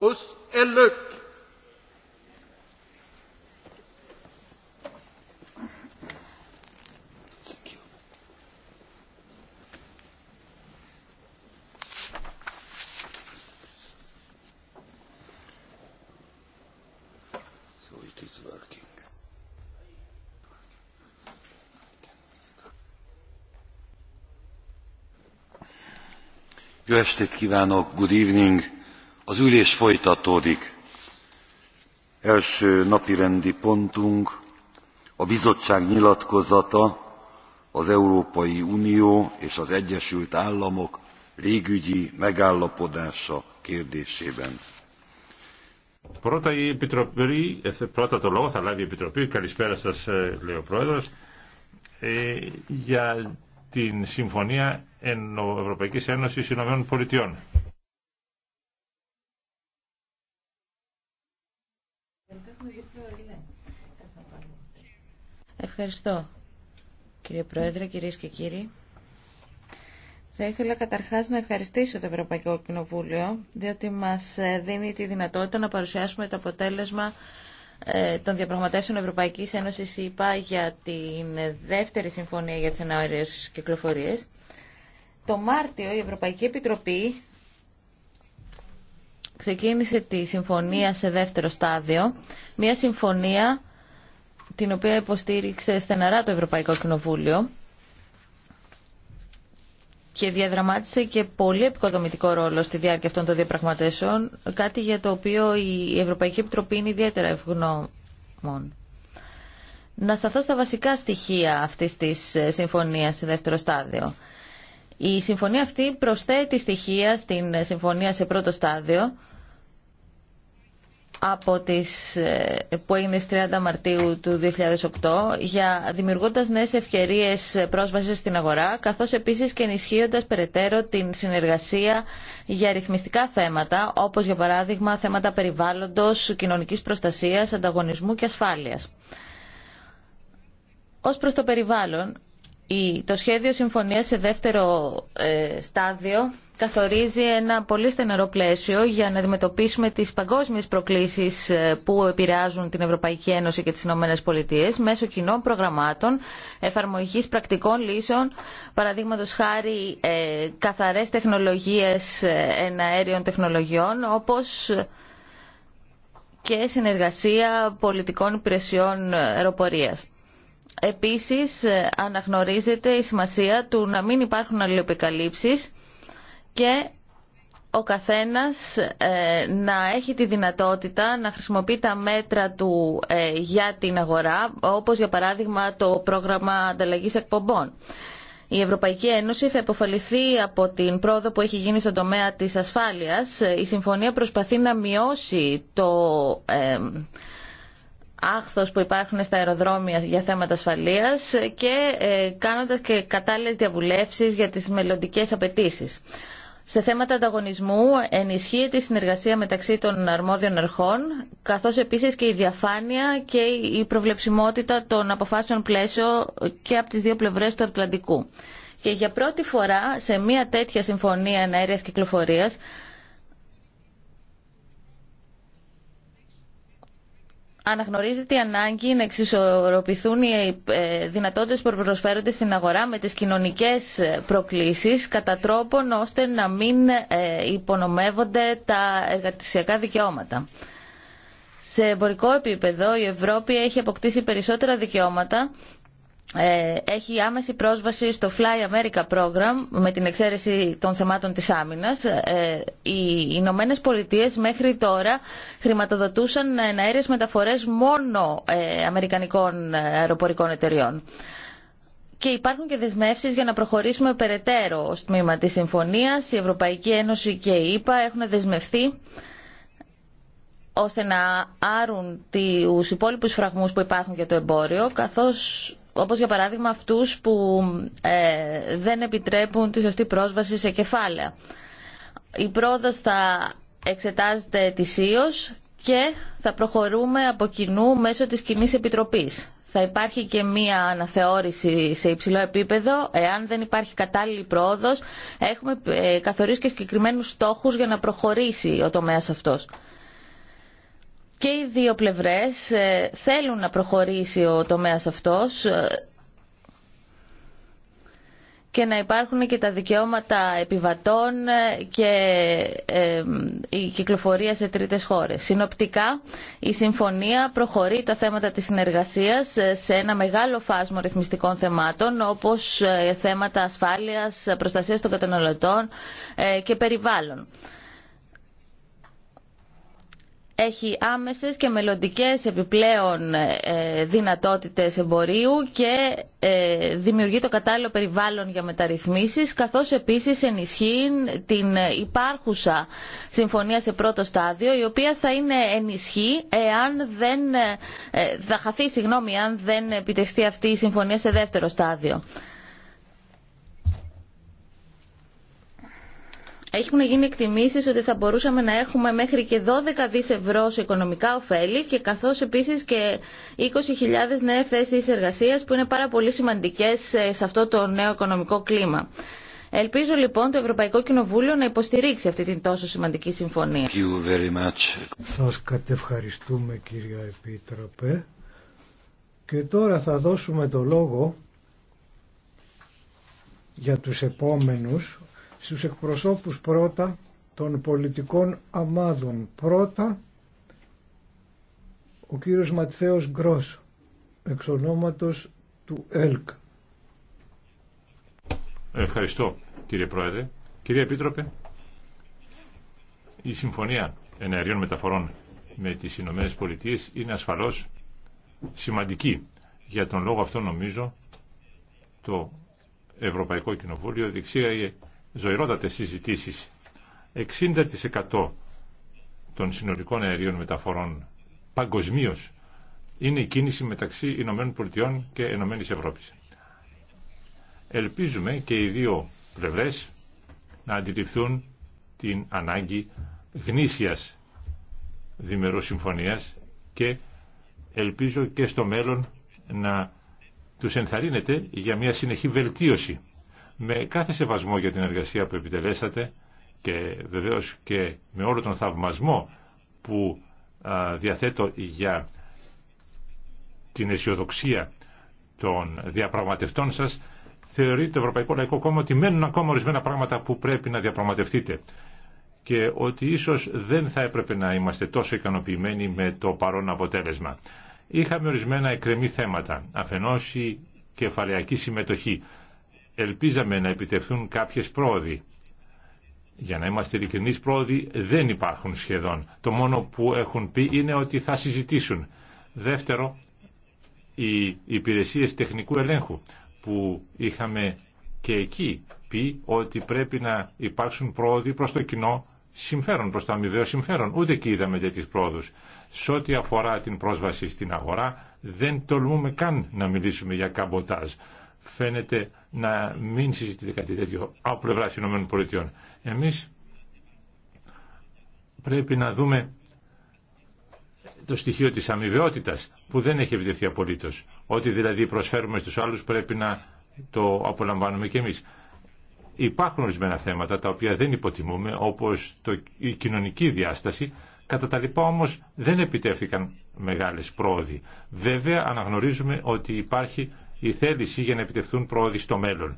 oss eller Jó estét kívánok, good evening. Az ülés folytatódik. Első napi rendi pontunk a bizottság nyilatkozata az Európai Unió és az Egyesült Államok légügyi megállapodása kérdésében. Πρώτα, η Επιτροπή, πρώτα το λόγο θα λάβει η Επιτροπή. Καλησπέρα σας, λέει ο Πρόεδρος. Ε, για την Συμφωνία Ευρωπαϊκής Ένωσης Ηνωμένων Πολιτειών. Ευχαριστώ, κύριε Πρόεδρε, κυρίες και κύριοι. Θα ήθελα καταρχάς να ευχαριστήσω το Ευρωπαϊκό Κοινοβούλιο, διότι μας ε, δίνει τη δυνατότητα να παρουσιάσουμε το αποτέλεσμα ε, των διαπραγματεύσεων Ευρωπαϊκής Ένωσης ΕΥΠΑ ΕΕ, για την δεύτερη συμφωνία για τις και κυκλοφορίες. Το Μάρτιο η Ευρωπαϊκή Επιτροπή ξεκίνησε τη συμφωνία σε δεύτερο στάδιο, μια συμφωνία την οποία υποστήριξε στεναρά το Ευρωπαϊκό Κοινοβούλιο και διαδραμάτισε και πολύ επικοδομητικό ρόλο στη διάρκεια αυτών των διαπραγματεύσεων, κάτι για το οποίο η Ευρωπαϊκή Επιτροπή είναι ιδιαίτερα ευγνώμων. Να σταθώ στα βασικά στοιχεία αυτής της ε, συμφωνίας σε δεύτερο στάδιο. Η συμφωνία αυτή προσθέτει στοιχεία στην ε, συμφωνία σε πρώτο στάδιο, από τις, ε, που έγινε στις 30 Μαρτίου του 2008 για δημιουργώντας νέες ευκαιρίες πρόσβασης στην αγορά καθώς επίσης και ενισχύοντας περαιτέρω την συνεργασία για ρυθμιστικά θέματα όπως για παράδειγμα θέματα περιβάλλοντος, κοινωνικής προστασίας, ανταγωνισμού και ασφάλειας. Ως προς το περιβάλλον, το σχέδιο συμφωνίας σε δεύτερο ε, στάδιο καθορίζει ένα πολύ στενερό πλαίσιο για να αντιμετωπίσουμε τις παγκόσμιες προκλήσεις ε, που επηρεάζουν την Ευρωπαϊκή Ένωση και τις Ηνωμένες Πολιτείες μέσω κοινών προγραμμάτων, εφαρμογής πρακτικών λύσεων, παραδείγματος χάρη ε, καθαρές τεχνολογίες ε, εναέριων τεχνολογιών, όπως και συνεργασία πολιτικών υπηρεσιών αεροπορίας. Επίσης, ε, αναγνωρίζεται η σημασία του να μην υπάρχουν αλληλεπικαλύψεις και ο καθένας ε, να έχει τη δυνατότητα να χρησιμοποιεί τα μέτρα του ε, για την αγορά, όπως για παράδειγμα το πρόγραμμα ανταλλαγής εκπομπών. Η Ευρωπαϊκή Ένωση θα υποφαληθεί από την πρόοδο που έχει γίνει στον τομέα της ασφάλειας. Η συμφωνία προσπαθεί να μειώσει το... Ε, άχθος που υπάρχουν στα αεροδρόμια για θέματα ασφαλείας και ε, κάνοντας και κατάλληλες διαβουλεύσεις για τις μελλοντικές απαιτήσεις. Σε θέματα ανταγωνισμού ενισχύεται η συνεργασία μεταξύ των αρμόδιων αρχών, καθώς επίσης και η διαφάνεια και η προβλεψιμότητα των αποφάσεων πλαίσιο και από τις δύο πλευρές του Ατλαντικού. Και για πρώτη φορά σε μια τέτοια συμφωνία και κυκλοφορίας αναγνωρίζεται η ανάγκη να εξισορροπηθούν οι ε, δυνατότητες που προσφέρονται στην αγορά με τις κοινωνικές ε, προκλήσεις κατά τρόπον ώστε να μην ε, υπονομεύονται τα εργατισιακά δικαιώματα. Σε εμπορικό επίπεδο η Ευρώπη έχει αποκτήσει περισσότερα δικαιώματα ε, έχει άμεση πρόσβαση στο Fly America Program με την εξαίρεση των θεμάτων της άμυνας. Ε, οι Ηνωμένε Πολιτείε μέχρι τώρα χρηματοδοτούσαν αέριες μεταφορές μόνο ε, αμερικανικών αεροπορικών εταιριών. Και υπάρχουν και δεσμεύσεις για να προχωρήσουμε περαιτέρω ως τμήμα της συμφωνίας. Η Ευρωπαϊκή Ένωση και η ΕΠΑ έχουν δεσμευθεί ώστε να άρουν τους υπόλοιπους φραγμούς που υπάρχουν για το εμπόριο, καθώς όπως για παράδειγμα αυτούς που ε, δεν επιτρέπουν τη σωστή πρόσβαση σε κεφάλαια. Η πρόοδος θα εξετάζεται ετησίως και θα προχωρούμε από κοινού μέσω της κοινή επιτροπής. Θα υπάρχει και μία αναθεώρηση σε υψηλό επίπεδο. Εάν δεν υπάρχει κατάλληλη πρόοδος, έχουμε ε, καθορίσει και συγκεκριμένους στόχους για να προχωρήσει ο τομέας αυτός και οι δύο πλευρές ε, θέλουν να προχωρήσει ο τομέας αυτός ε, και να υπάρχουν και τα δικαιώματα επιβατών ε, και η κυκλοφορία σε τρίτες χώρες. Συνοπτικά, η Συμφωνία προχωρεί τα θέματα της συνεργασίας σε ένα μεγάλο φάσμα ρυθμιστικών θεμάτων, όπως θέματα ασφάλειας, προστασίας των καταναλωτών και περιβάλλον έχει άμεσες και μελλοντικές επιπλέον ε, δυνατότητες εμπορίου και ε, δημιουργεί το κατάλληλο περιβάλλον για μεταρρυθμίσεις καθώς επίσης ενισχύει την υπάρχουσα συμφωνία σε πρώτο στάδιο η οποία θα είναι ενισχύ εάν δεν ε, θα χαθεί συγγνώμη αν δεν επιτευχθεί αυτή η συμφωνία σε δεύτερο στάδιο. Έχουν γίνει εκτιμήσεις ότι θα μπορούσαμε να έχουμε μέχρι και 12 δις ευρώ σε οικονομικά ωφέλη και καθώς επίσης και 20.000 νέες θέσεις εργασίας που είναι πάρα πολύ σημαντικές ε, σε αυτό το νέο οικονομικό κλίμα. Ελπίζω λοιπόν το Ευρωπαϊκό Κοινοβούλιο να υποστηρίξει αυτή την τόσο σημαντική συμφωνία. Σα Σας κατευχαριστούμε κυρία Επίτροπε. Και τώρα θα δώσουμε το λόγο για τους επόμενους στους εκπροσώπους πρώτα των πολιτικών αμάδων. Πρώτα ο κύριος Ματθαίος Γκρός, εξ ονόματος του ΕΛΚ. Ευχαριστώ κύριε Πρόεδρε. Κύριε Επίτροπε, η Συμφωνία Εναερίων Μεταφορών με τις Ηνωμένες Πολιτείες είναι ασφαλώς σημαντική. Για τον λόγο αυτό νομίζω το Ευρωπαϊκό Κοινοβούλιο διεξήγαγε ζωηρότατες συζητήσεις. 60% των συνολικών αερίων μεταφορών παγκοσμίω είναι η κίνηση μεταξύ Ηνωμένων Πολιτειών και Ηνωμένης Ευρώπης. Ελπίζουμε και οι δύο πλευρές να αντιληφθούν την ανάγκη γνήσιας διμερού συμφωνίας και ελπίζω και στο μέλλον να τους ενθαρρύνεται για μια συνεχή βελτίωση με κάθε σεβασμό για την εργασία που επιτελέσατε και βεβαίως και με όλο τον θαυμασμό που διαθέτω για την αισιοδοξία των διαπραγματευτών σας, θεωρεί το Ευρωπαϊκό Λαϊκό Κόμμα ότι μένουν ακόμα ορισμένα πράγματα που πρέπει να διαπραγματευτείτε και ότι ίσως δεν θα έπρεπε να είμαστε τόσο ικανοποιημένοι με το παρόν αποτέλεσμα. Είχαμε ορισμένα εκκρεμή θέματα, αφενός η κεφαλαιακή συμμετοχή ελπίζαμε να επιτευχθούν κάποιες πρόοδοι. Για να είμαστε ειλικρινείς πρόοδοι δεν υπάρχουν σχεδόν. Το μόνο που έχουν πει είναι ότι θα συζητήσουν. Δεύτερο, οι υπηρεσίες τεχνικού ελέγχου που είχαμε και εκεί πει ότι πρέπει να υπάρξουν πρόοδοι προς το κοινό συμφέρον, προς το αμοιβαίο συμφέρον. Ούτε εκεί είδαμε τέτοιες πρόοδους. Σε ό,τι αφορά την πρόσβαση στην αγορά δεν τολμούμε καν να μιλήσουμε για καμποτάζ φαίνεται να μην συζητείται κάτι τέτοιο από πλευρά Πολιτειών. Εμείς πρέπει να δούμε το στοιχείο της αμοιβαιότητα που δεν έχει επιτευχθεί απολύτω. Ό,τι δηλαδή προσφέρουμε στους άλλους πρέπει να το απολαμβάνουμε και εμείς. Υπάρχουν ορισμένα θέματα τα οποία δεν υποτιμούμε όπως το, η κοινωνική διάσταση κατά τα λοιπά όμως δεν επιτεύθηκαν μεγάλες πρόοδοι. Βέβαια αναγνωρίζουμε ότι υπάρχει η θέληση για να επιτευχθούν πρόοδοι στο μέλλον.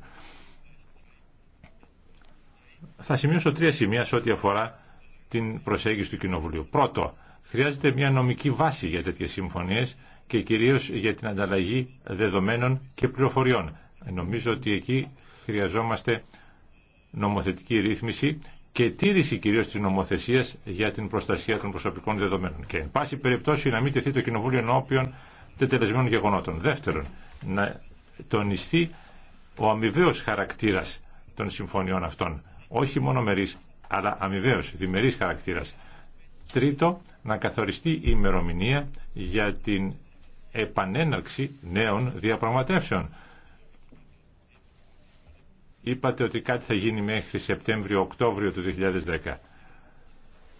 Θα σημειώσω τρία σημεία σε ό,τι αφορά την προσέγγιση του Κοινοβουλίου. Πρώτο, χρειάζεται μια νομική βάση για τέτοιε συμφωνίε και κυρίω για την ανταλλαγή δεδομένων και πληροφοριών. Νομίζω ότι εκεί χρειαζόμαστε νομοθετική ρύθμιση και τήρηση κυρίω τη νομοθεσία για την προστασία των προσωπικών δεδομένων. Και εν πάση περιπτώσει να μην τεθεί το Κοινοβούλιο ενώπιον τετελεσμένων γεγονότων. Δεύτερον, να τονιστεί ο αμοιβαίος χαρακτήρας των συμφωνιών αυτών. Όχι μόνο μερίς, αλλά αμοιβαίος, διμερής χαρακτήρας. Τρίτο, να καθοριστεί η ημερομηνία για την επανέναρξη νέων διαπραγματεύσεων. Είπατε ότι κάτι θα γίνει μέχρι Σεπτέμβριο-Οκτώβριο του 2010.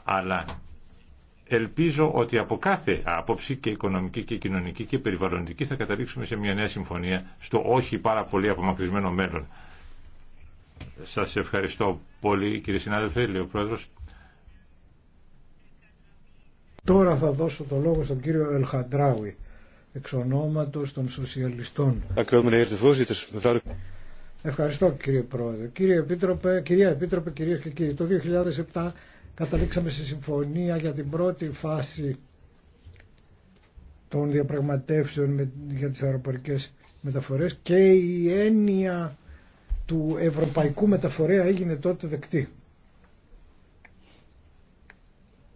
Αλλά ελπίζω ότι από κάθε άποψη και οικονομική και κοινωνική και περιβαλλοντική θα καταλήξουμε σε μια νέα συμφωνία στο όχι πάρα πολύ απομακρυσμένο μέλλον. Σας ευχαριστώ πολύ κύριε συνάδελφε, λέει ο Πρόεδρος. Τώρα θα δώσω το λόγο στον κύριο Ελχαντράουι, εξ ονόματος των Σοσιαλιστών. Ευχαριστώ κύριε Πρόεδρε. Κύριε Επίτροπε, κυρία Επίτροπε, κυρίες και κύριοι, το 2007 καταλήξαμε σε συμφωνία για την πρώτη φάση των διαπραγματεύσεων με, για τις αεροπορικές μεταφορές και η έννοια του ευρωπαϊκού μεταφορέα έγινε τότε δεκτή.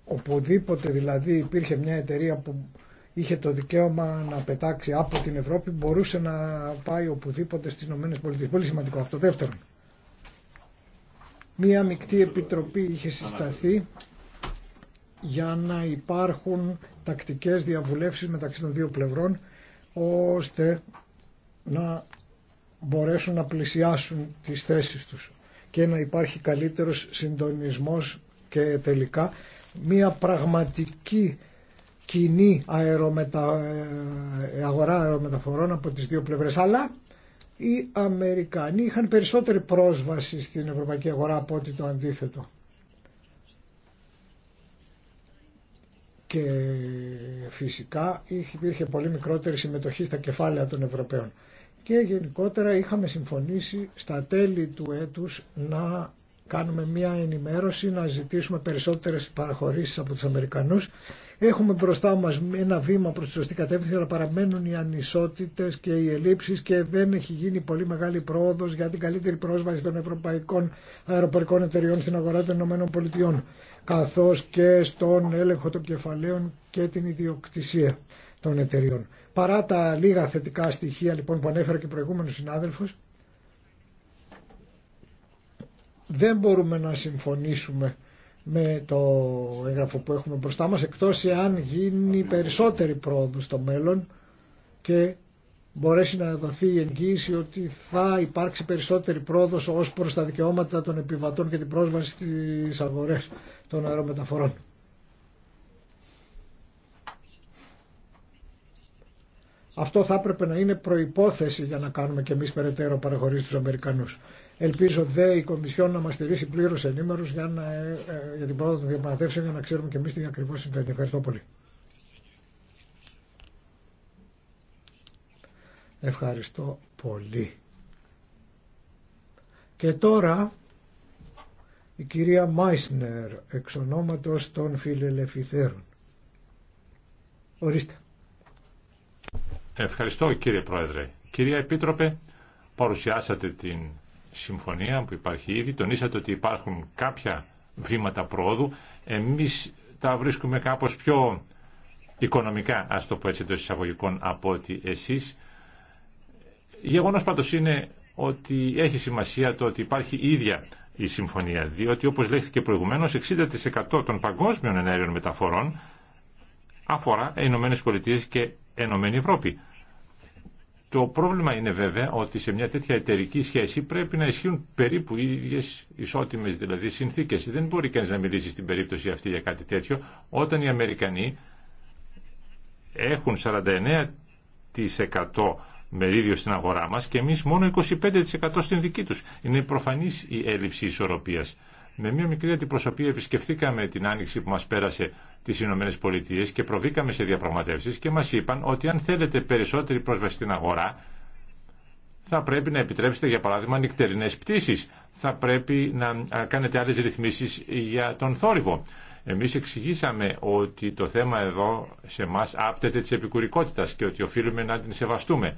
Οπουδήποτε δηλαδή υπήρχε μια εταιρεία που είχε το δικαίωμα να πετάξει από την Ευρώπη μπορούσε να πάει οπουδήποτε στις ΗΠΑ. Πολύ σημαντικό αυτό. Δεύτερον, Μία μεικτή επιτροπή είχε συσταθεί για να υπάρχουν τακτικές διαβουλεύσεις μεταξύ των δύο πλευρών ώστε να μπορέσουν να πλησιάσουν τις θέσεις τους και να υπάρχει καλύτερος συντονισμός και τελικά μία πραγματική κοινή αερομετα... Ε, αγορά αερομεταφορών από τις δύο πλευρές αλλά οι Αμερικανοί είχαν περισσότερη πρόσβαση στην ευρωπαϊκή αγορά από ό,τι το αντίθετο. Και φυσικά υπήρχε πολύ μικρότερη συμμετοχή στα κεφάλαια των Ευρωπαίων. Και γενικότερα είχαμε συμφωνήσει στα τέλη του έτους να κάνουμε μια ενημέρωση, να ζητήσουμε περισσότερες παραχωρήσεις από τους Αμερικανούς Έχουμε μπροστά μας ένα βήμα προς τη σωστή κατεύθυνση, αλλά παραμένουν οι ανισότητες και οι ελλείψεις και δεν έχει γίνει πολύ μεγάλη πρόοδος για την καλύτερη πρόσβαση των ευρωπαϊκών αεροπορικών εταιριών στην αγορά των ΗΠΑ, καθώς και στον έλεγχο των κεφαλαίων και την ιδιοκτησία των εταιριών. Παρά τα λίγα θετικά στοιχεία λοιπόν που ανέφερε και προηγούμενο συνάδελφος, δεν μπορούμε να συμφωνήσουμε με το έγγραφο που έχουμε μπροστά μας εκτός εάν γίνει περισσότερη πρόοδο στο μέλλον και μπορέσει να δοθεί η εγγύηση ότι θα υπάρξει περισσότερη πρόοδο ως προς τα δικαιώματα των επιβατών και την πρόσβαση στις αγορές των αερομεταφορών. Αυτό θα έπρεπε να είναι προϋπόθεση για να κάνουμε και εμείς περαιτέρω παραχωρήσεις στους Αμερικανούς. Ελπίζω δε η Κομισιόν να μα στηρίσει πλήρω ενήμερου για, ε, ε, για την πρόοδο των για να ξέρουμε και εμεί τι ακριβώ συμβαίνει. Ευχαριστώ πολύ. Ευχαριστώ πολύ. Και τώρα η κυρία Μάισνερ εξ ονόματος των φιλελευθέρων. Ορίστε. Ευχαριστώ κύριε Πρόεδρε. Κυρία Επίτροπε, παρουσιάσατε την συμφωνία που υπάρχει ήδη. Τονίσατε ότι υπάρχουν κάποια βήματα πρόοδου. Εμείς τα βρίσκουμε κάπως πιο οικονομικά, ας το πω έτσι εντός εισαγωγικών, από ότι εσείς. Γεγονός πάντως είναι ότι έχει σημασία το ότι υπάρχει ίδια η συμφωνία, διότι όπως λέχθηκε προηγουμένως, 60% των παγκόσμιων ενέργειων μεταφορών αφορά Ηνωμένε Πολιτείε και Ενωμένη Ευρώπη. Το πρόβλημα είναι βέβαια ότι σε μια τέτοια εταιρική σχέση πρέπει να ισχύουν περίπου οι ίδιε ισότιμε δηλαδή συνθήκε. Δεν μπορεί κανεί να μιλήσει στην περίπτωση αυτή για κάτι τέτοιο όταν οι Αμερικανοί έχουν 49% μερίδιο στην αγορά μας και εμείς μόνο 25% στην δική τους. Είναι προφανής η έλλειψη ισορροπίας. Με μια μικρή αντιπροσωπή επισκεφθήκαμε την άνοιξη που μας πέρασε τις Ηνωμένες Πολιτείες και προβήκαμε σε διαπραγματεύσεις και μας είπαν ότι αν θέλετε περισσότερη πρόσβαση στην αγορά θα πρέπει να επιτρέψετε για παράδειγμα νυχτερινές πτήσεις, θα πρέπει να κάνετε άλλες ρυθμίσεις για τον θόρυβο. Εμείς εξηγήσαμε ότι το θέμα εδώ σε εμά άπτεται της επικουρικότητας και ότι οφείλουμε να την σεβαστούμε.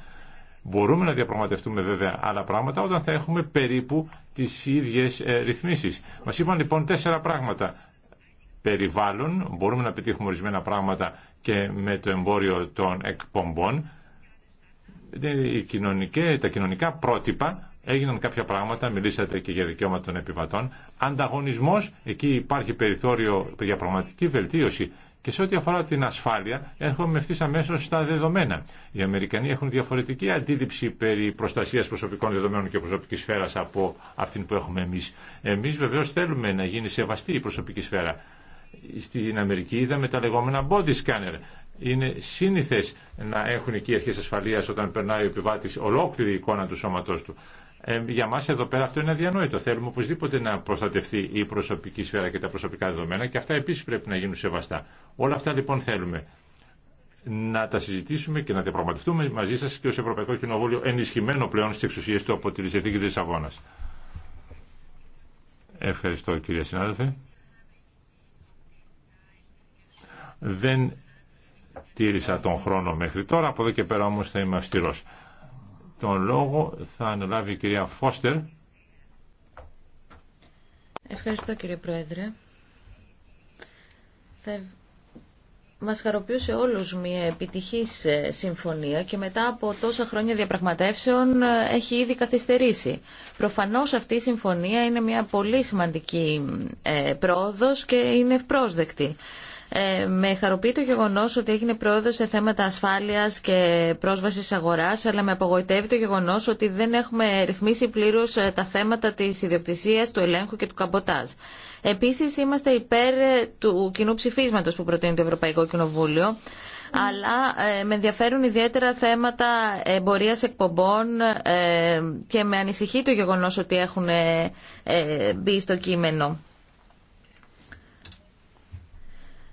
Μπορούμε να διαπραγματευτούμε βέβαια άλλα πράγματα όταν θα έχουμε περίπου τις ίδιες ε, ρυθμίσεις. Μας είπαν λοιπόν τέσσερα πράγματα. Περιβάλλον, μπορούμε να πετύχουμε ορισμένα πράγματα και με το εμπόριο των εκπομπών. Ε, τα κοινωνικά πρότυπα έγιναν κάποια πράγματα, μιλήσατε και για δικαιώματα των επιβατών. Ανταγωνισμός, εκεί υπάρχει περιθώριο για πραγματική βελτίωση και σε ό,τι αφορά την ασφάλεια, έρχομαι ευθύ αμέσω στα δεδομένα. Οι Αμερικανοί έχουν διαφορετική αντίληψη περί προστασία προσωπικών δεδομένων και προσωπική σφαίρα από αυτήν που έχουμε εμεί. Εμεί βεβαίω θέλουμε να γίνει σεβαστή η προσωπική σφαίρα. Στην Αμερική είδαμε τα λεγόμενα body scanner. Είναι σύνηθε να έχουν εκεί αρχέ ασφαλεία όταν περνάει ο επιβάτη ολόκληρη η εικόνα του σώματό του. Ε, για μα εδώ πέρα αυτό είναι αδιανόητο. Θέλουμε οπωσδήποτε να προστατευτεί η προσωπική σφαίρα και τα προσωπικά δεδομένα και αυτά επίση πρέπει να γίνουν σεβαστά. Όλα αυτά λοιπόν θέλουμε να τα συζητήσουμε και να τα μαζί σα και ω Ευρωπαϊκό Κοινοβούλιο ενισχυμένο πλέον στι εξουσίε του από τη και τη Αγώνα. Ευχαριστώ κύριε συνάδελφε. Δεν τήρησα τον χρόνο μέχρι τώρα, από εδώ και πέρα όμως θα είμαι αυστηρός. Τον λόγο θα αναλάβει η κυρία Φώστερ. Ευχαριστώ κύριε Πρόεδρε. Θα... Μας χαροποιούσε όλους μια επιτυχής ε, συμφωνία και μετά από τόσα χρόνια διαπραγματεύσεων ε, έχει ήδη καθυστερήσει. Προφανώς αυτή η συμφωνία είναι μια πολύ σημαντική ε, πρόοδος και είναι ευπρόσδεκτη. Ε, με χαροποιεί το γεγονό ότι έγινε πρόοδο σε θέματα ασφάλεια και πρόσβαση αγορά, αλλά με απογοητεύει το γεγονό ότι δεν έχουμε ρυθμίσει πλήρω ε, τα θέματα τη ιδιοκτησία, του ελέγχου και του καμποτάζ. Επίση, είμαστε υπέρ ε, του κοινού ψηφίσματο που προτείνει το Ευρωπαϊκό Κοινοβούλιο αλλά με ενδιαφέρουν ιδιαίτερα θέματα εμπορία εκπομπών και με ανησυχεί το γεγονός ότι έχουν ε, μπει στο κείμενο.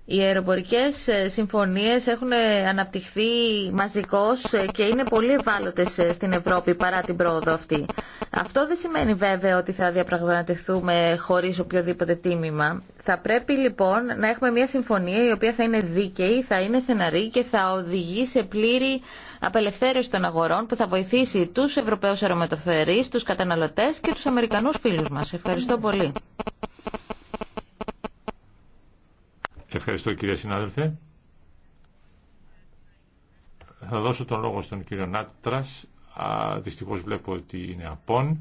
Οι αεροπορικές ε, συμφωνίες έχουν ε, αναπτυχθεί μαζικώς ε, και είναι πολύ ευάλωτες στην Ευρώπη παρά την πρόοδο αυτή. Αυτό δεν σημαίνει βέβαια ότι θα διαπραγματευτούμε χωρίς οποιοδήποτε τίμημα. Θα πρέπει λοιπόν να έχουμε μια συμφωνία η οποία θα είναι δίκαιη, θα είναι στεναρή και θα οδηγεί σε πλήρη απελευθέρωση των αγορών που θα βοηθήσει τους Ευρωπαίους αερομετοφερείς, τους καταναλωτές και τους Αμερικανούς φίλους μας. Ευχαριστώ πολύ. Ευχαριστώ κύριε συνάδελφε. Θα δώσω τον λόγο στον κύριο Νάτρας. Α, δυστυχώς βλέπω ότι είναι απόν.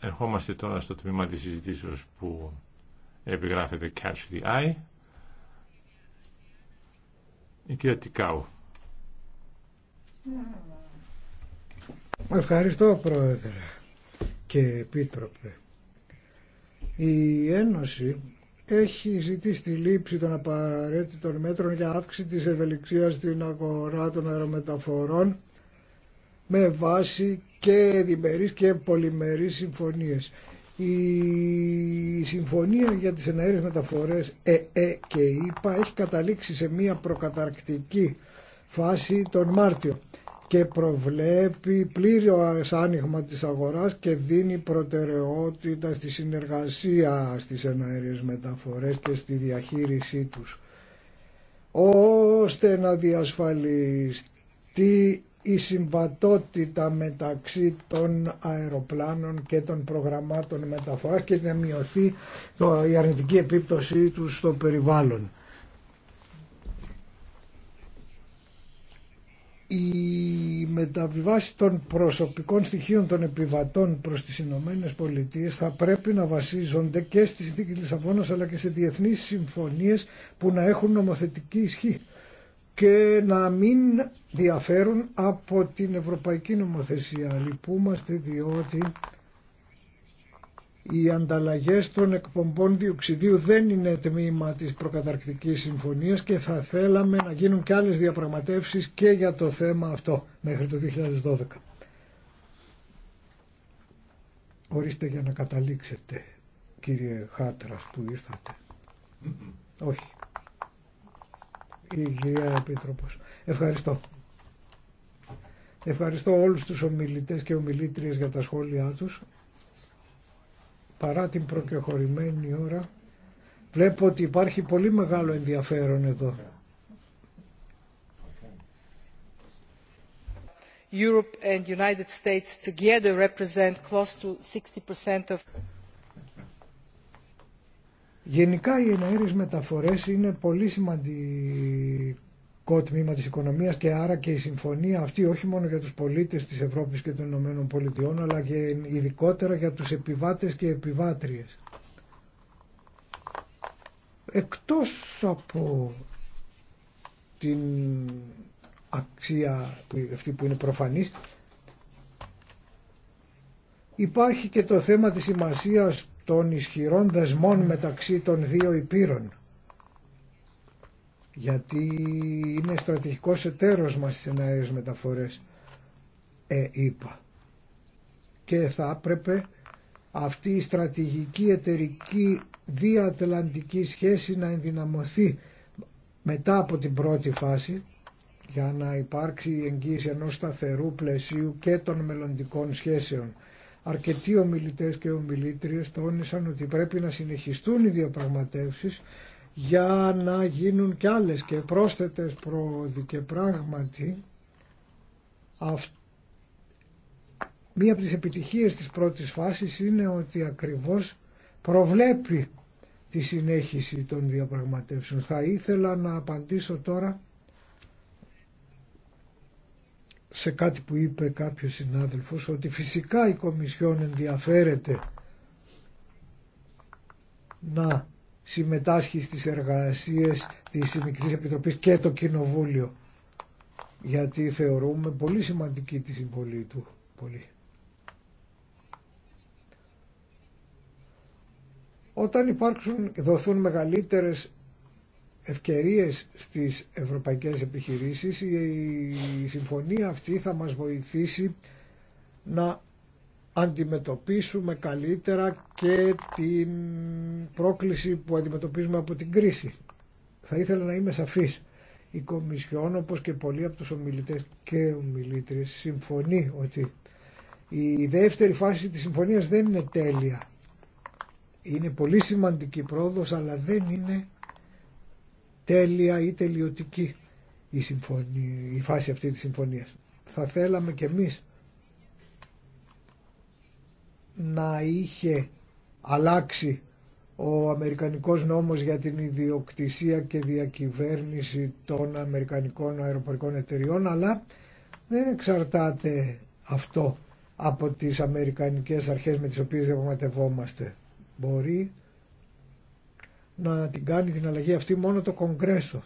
Ερχόμαστε τώρα στο τμήμα της συζητήσεως που επιγράφεται Catch the Eye. Η κυρία Τικάου. Ευχαριστώ πρόεδρε και επίτροπε. Η Ένωση έχει ζητήσει τη λήψη των απαραίτητων μέτρων για αύξηση της ευελιξίας στην αγορά των αερομεταφορών με βάση και διμερείς και πολυμερείς συμφωνίες. Η συμφωνία για τις εναέρειες μεταφορές ΕΕ, ΕΕ και ΕΕ, έχει καταλήξει σε μία προκαταρκτική φάση τον Μάρτιο και προβλέπει πλήρω άνοιγμα της αγοράς και δίνει προτεραιότητα στη συνεργασία στις εναέριες μεταφορές και στη διαχείρισή τους ώστε να διασφαλιστεί η συμβατότητα μεταξύ των αεροπλάνων και των προγραμμάτων μεταφοράς και να μειωθεί η αρνητική επίπτωσή τους στο περιβάλλον. Η μεταβιβάση των προσωπικών στοιχείων των επιβατών προς τις Ηνωμένε Πολιτείε θα πρέπει να βασίζονται και στη συνθήκη της Λισαβόνας αλλά και σε διεθνείς συμφωνίες που να έχουν νομοθετική ισχύ και να μην διαφέρουν από την Ευρωπαϊκή Νομοθεσία. Λυπούμαστε διότι οι ανταλλαγές των εκπομπών διοξιδίου δεν είναι τμήμα της προκαταρκτικής συμφωνίας και θα θέλαμε να γίνουν και άλλες διαπραγματεύσεις και για το θέμα αυτό μέχρι το 2012. Ορίστε για να καταλήξετε κύριε Χάτρα που ήρθατε. Όχι. Η κυρία Επίτροπος. Ευχαριστώ. Ευχαριστώ όλους τους ομιλητές και ομιλήτριες για τα σχόλιά τους παρά την προκεχωρημένη ώρα βλέπω ότι υπάρχει πολύ μεγάλο ενδιαφέρον εδώ. Europe and United States together represent close to 60% of Γενικά οι ενέργειες μεταφορές είναι πολύ σημαντικό τμήμα της οικονομίας και άρα και η συμφωνία αυτή όχι μόνο για τους πολίτες της Ευρώπης και των Ηνωμένων Πολιτειών αλλά και ειδικότερα για τους επιβάτες και επιβάτριες. Εκτός από την αξία αυτή που είναι προφανής υπάρχει και το θέμα της σημασίας των ισχυρών δεσμών μεταξύ των δύο υπήρων γιατί είναι στρατηγικός εταίρος μας στις εναέρες μεταφορές ε, είπα. και θα έπρεπε αυτή η στρατηγική εταιρική διατελαντική σχέση να ενδυναμωθεί μετά από την πρώτη φάση για να υπάρξει η εγγύηση ενός σταθερού πλαισίου και των μελλοντικών σχέσεων. Αρκετοί ομιλητές και ομιλήτριες τόνισαν ότι πρέπει να συνεχιστούν οι διαπραγματεύσεις για να γίνουν κι άλλες και πρόσθετες πρόοδοι και πράγματι μία από τις επιτυχίες της πρώτης φάσης είναι ότι ακριβώς προβλέπει τη συνέχιση των διαπραγματεύσεων. Θα ήθελα να απαντήσω τώρα σε κάτι που είπε κάποιος συνάδελφος ότι φυσικά η Κομισιόν ενδιαφέρεται να συμμετάσχει στις εργασίες της Συνδικητής Επιτροπής και το Κοινοβούλιο γιατί θεωρούμε πολύ σημαντική τη συμβολή του. Πολύ. Όταν υπάρξουν, δοθούν μεγαλύτερες ευκαιρίες στις ευρωπαϊκές επιχειρήσεις η συμφωνία αυτή θα μας βοηθήσει να αντιμετωπίσουμε καλύτερα και την πρόκληση που αντιμετωπίζουμε από την κρίση. Θα ήθελα να είμαι σαφής. Η Κομισιόν, όπως και πολλοί από τους ομιλητές και ομιλήτρες, συμφωνεί ότι η δεύτερη φάση της συμφωνίας δεν είναι τέλεια. Είναι πολύ σημαντική πρόοδος, αλλά δεν είναι τέλεια ή τελειωτική η, συμφωνία, η φάση αυτή της συμφωνίας. Θα θέλαμε κι εμείς να είχε αλλάξει ο Αμερικανικός νόμος για την ιδιοκτησία και διακυβέρνηση των Αμερικανικών αεροπορικών εταιριών αλλά δεν εξαρτάται αυτό από τις Αμερικανικές αρχές με τις οποίες διαπραγματευόμαστε. Μπορεί να την κάνει την αλλαγή αυτή μόνο το Κογκρέσο.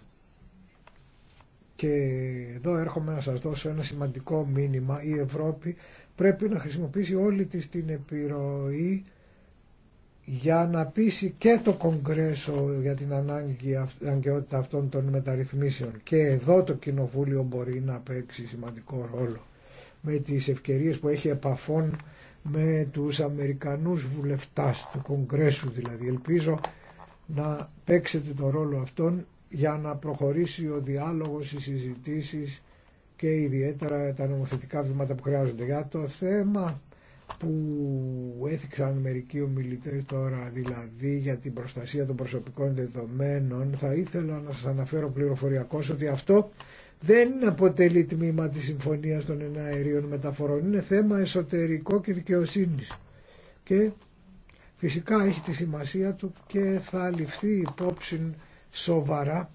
Και εδώ έρχομαι να σας δώσω ένα σημαντικό μήνυμα. Η Ευρώπη πρέπει να χρησιμοποιήσει όλη της την επιρροή για να πείσει και το Κογκρέσο για την ανάγκη αγκαιότητα αυτών των μεταρρυθμίσεων. Και εδώ το Κοινοβούλιο μπορεί να παίξει σημαντικό ρόλο με τις ευκαιρίες που έχει επαφών με τους Αμερικανούς βουλευτάς του Κογκρέσου δηλαδή. Ελπίζω να παίξετε το ρόλο αυτόν για να προχωρήσει ο διάλογος, οι συζητήσεις και ιδιαίτερα τα νομοθετικά βήματα που χρειάζονται. Για το θέμα που έθιξαν μερικοί ομιλητές τώρα, δηλαδή για την προστασία των προσωπικών δεδομένων, θα ήθελα να σας αναφέρω πληροφοριακώς ότι αυτό δεν αποτελεί τμήμα της Συμφωνίας των Εναερίων Μεταφορών, είναι θέμα εσωτερικό και δικαιοσύνης. Και φυσικά έχει τη σημασία του και θα ληφθεί υπόψη σοβαρά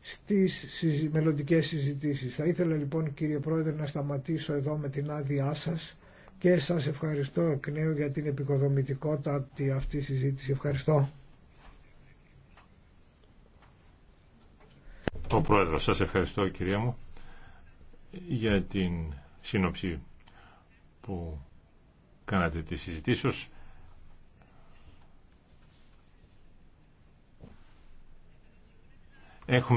στις μελλοντικέ συζητήσεις. Θα ήθελα λοιπόν κύριε Πρόεδρε να σταματήσω εδώ με την άδειά σας και σας ευχαριστώ εκ νέου για την επικοδομητικότητα αυτή συζήτηση. Ευχαριστώ. Ο πρόεδρο, σας ευχαριστώ κυρία μου για την σύνοψη που κάνατε τη συζητήσεως. Έχουμε